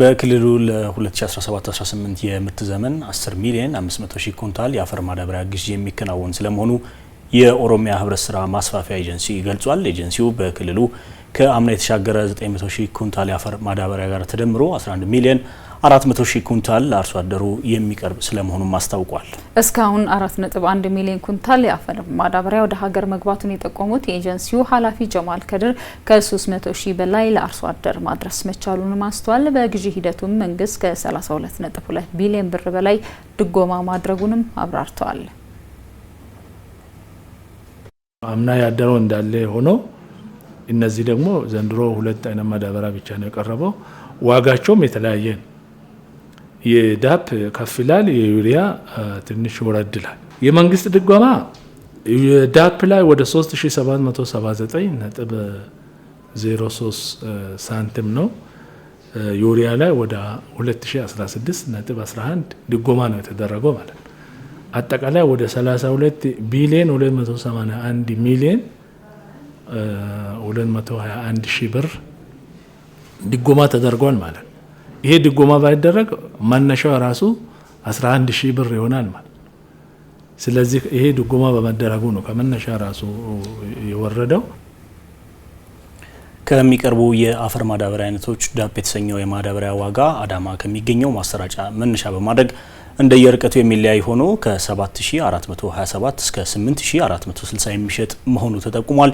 በክልሉ ለ2017-18 የምርት ዘመን 10 ሚሊዮን 500 ሺህ ኩንታል የአፈር ማዳበሪያ ግዢ የሚከናወን ስለመሆኑ የኦሮሚያ ህብረት ስራ ማስፋፊያ ኤጀንሲ ገልጿል። ኤጀንሲው በክልሉ ከአምና የተሻገረ 900 ሺህ ኩንታል የአፈር ማዳበሪያ ጋር ተደምሮ 11 ሚሊዮን 400 ሺህ ኩንታል ለአርሶ አደሩ የሚቀርብ ስለመሆኑም አስታውቋል። እስካሁን 4.1 ሚሊዮን ኩንታል የአፈር ማዳበሪያ ወደ ሀገር መግባቱን የጠቆሙት የኤጀንሲው ኃላፊ ጀማል ከድር ከ300 ሺህ በላይ ለአርሶ አደር ማድረስ መቻሉንም አስተዋል። በግዢ ሂደቱም መንግስት ከ32.2 ቢሊዮን ብር በላይ ድጎማ ማድረጉንም አብራርተዋል። አምና ያደረው እንዳለ ሆኖ እነዚህ ደግሞ ዘንድሮ ሁለት አይነት ማዳበሪያ ብቻ ነው የቀረበው። ዋጋቸውም የተለያየ ነው። የዳፕ ከፍ ይላል፣ የዩሪያ ትንሽ ወረድ ይላል። የመንግስት ድጎማ የዳፕ ላይ ወደ 3779.03 ሳንቲም ነው። ዩሪያ ላይ ወደ 2016.11 ድጎማ ነው የተደረገው ማለት ነው። አጠቃላይ ወደ 32 ቢሊዮን 281 ሚሊዮን 221 ሺህ ብር ድጎማ ተደርጓል ማለት ነው። ይሄ ድጎማ ባይደረግ መነሻው ራሱ 11 ሺህ ብር ይሆናል ማለት። ስለዚህ ይሄ ድጎማ በመደረጉ ነው ከመነሻ ራሱ የወረደው። ከሚቀርቡ የአፈር ማዳበሪያ አይነቶች ዳፕ የተሰኘው የማዳበሪያ ዋጋ አዳማ ከሚገኘው ማሰራጫ መነሻ በማድረግ እንደየርቀቱ የሚለያይ ሆኖ ከ7427 እስከ 8460 የሚሸጥ መሆኑ ተጠቁሟል።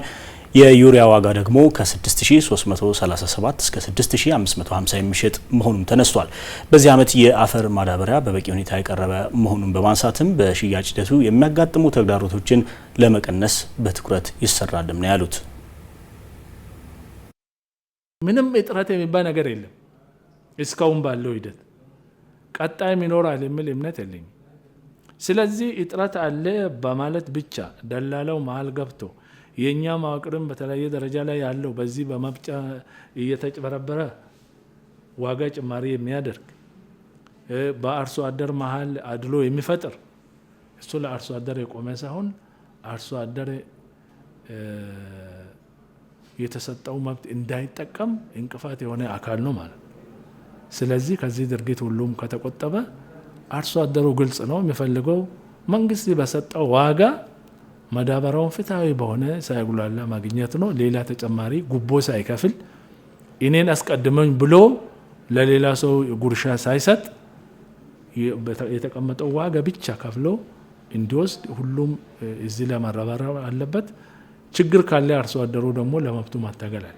የዩሪያ ዋጋ ደግሞ ከ6337 እስከ 6550 የሚሸጥ መሆኑም ተነስቷል። በዚህ ዓመት የአፈር ማዳበሪያ በበቂ ሁኔታ የቀረበ መሆኑን በማንሳትም በሽያጭ ሂደቱ የሚያጋጥሙ ተግዳሮቶችን ለመቀነስ በትኩረት ይሰራልም ነው ያሉት። ምንም እጥረት የሚባል ነገር የለም እስካሁን ባለው ሂደት ቀጣይም ይኖራል የሚል እምነት የለኝ ስለዚህ እጥረት አለ በማለት ብቻ ደላላው መሀል ገብቶ የእኛ መዋቅርም በተለያየ ደረጃ ላይ ያለው በዚህ በመፍጫ እየተጭበረበረ ዋጋ ጭማሪ የሚያደርግ በአርሶ አደር መሀል አድሎ የሚፈጥር እሱ ለአርሶ አደር የቆመ ሳይሆን አርሶ አደር የተሰጠው መብት እንዳይጠቀም እንቅፋት የሆነ አካል ነው ማለት ነው። ስለዚህ ከዚህ ድርጊት ሁሉም ከተቆጠበ አርሶ አደሩ ግልጽ ነው የሚፈልገው መንግስት በሰጠው ዋጋ መዳበሪያውን ፍትሐዊ በሆነ ሳይጉላላ ማግኘት ነው። ሌላ ተጨማሪ ጉቦ ሳይከፍል እኔን አስቀድመኝ ብሎ ለሌላ ሰው ጉርሻ ሳይሰጥ የተቀመጠው ዋጋ ብቻ ከፍሎ እንዲወስድ ሁሉም እዚህ ለመረባረብ አለበት። ችግር ካለ አርሶ አደሩ ደግሞ ለመብቱ ማታገል አለ።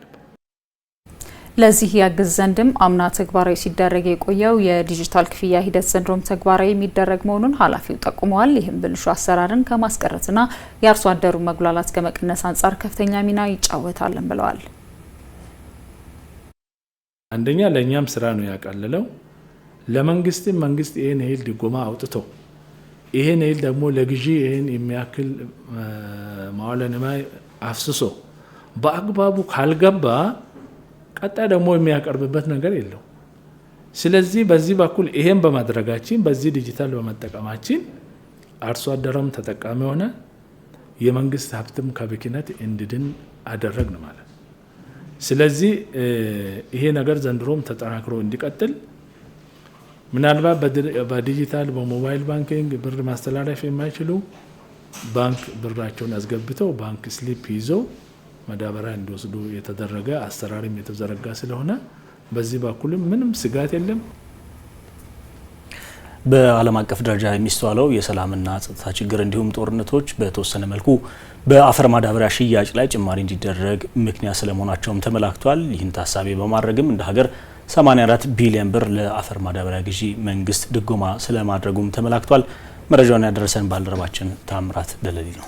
ለዚህ ያግዝ ዘንድም አምና ተግባራዊ ሲደረግ የቆየው የዲጂታል ክፍያ ሂደት ዘንድሮም ተግባራዊ የሚደረግ መሆኑን ኃላፊው ጠቁመዋል። ይህም ብልሹ አሰራርን ከማስቀረትና የአርሶ አደሩ መጉላላት ከመቀነስ አንጻር ከፍተኛ ሚና ይጫወታልን ብለዋል። አንደኛ ለእኛም ስራ ነው ያቀለለው፣ ለመንግስትም መንግስት ይህን ይህል ድጎማ አውጥቶ ይህን ይህል ደግሞ ለግዢ ይህን የሚያክል መዋለ ንዋይ አፍስሶ በአግባቡ ካልገባ ቀጣይ ደግሞ የሚያቀርብበት ነገር የለው። ስለዚህ በዚህ በኩል ይሄን በማድረጋችን በዚህ ዲጂታል በመጠቀማችን አርሶ አደረም ተጠቃሚ ሆነ፣ የመንግስት ሀብትም ከብክነት እንዲድን አደረግን ማለት። ስለዚህ ይሄ ነገር ዘንድሮም ተጠናክሮ እንዲቀጥል ምናልባት በዲጂታል በሞባይል ባንኪንግ ብር ማስተላለፍ የማይችሉ ባንክ ብራቸውን አስገብተው ባንክ ስሊፕ ይዘው ማዳበሪያ እንዲወስዱ የተደረገ አሰራርም የተዘረጋ ስለሆነ በዚህ በኩልም ምንም ስጋት የለም። በዓለም አቀፍ ደረጃ የሚስተዋለው የሰላምና ጸጥታ ችግር እንዲሁም ጦርነቶች በተወሰነ መልኩ በአፈር ማዳበሪያ ሽያጭ ላይ ጭማሪ እንዲደረግ ምክንያት ስለመሆናቸውም ተመላክቷል። ይህን ታሳቢ በማድረግም እንደ ሀገር 84 ቢሊዮን ብር ለአፈር ማዳበሪያ ግዢ መንግስት ድጎማ ስለማድረጉም ተመላክቷል። መረጃውን ያደረሰን ባልደረባችን ታምራት ደለሊ ነው።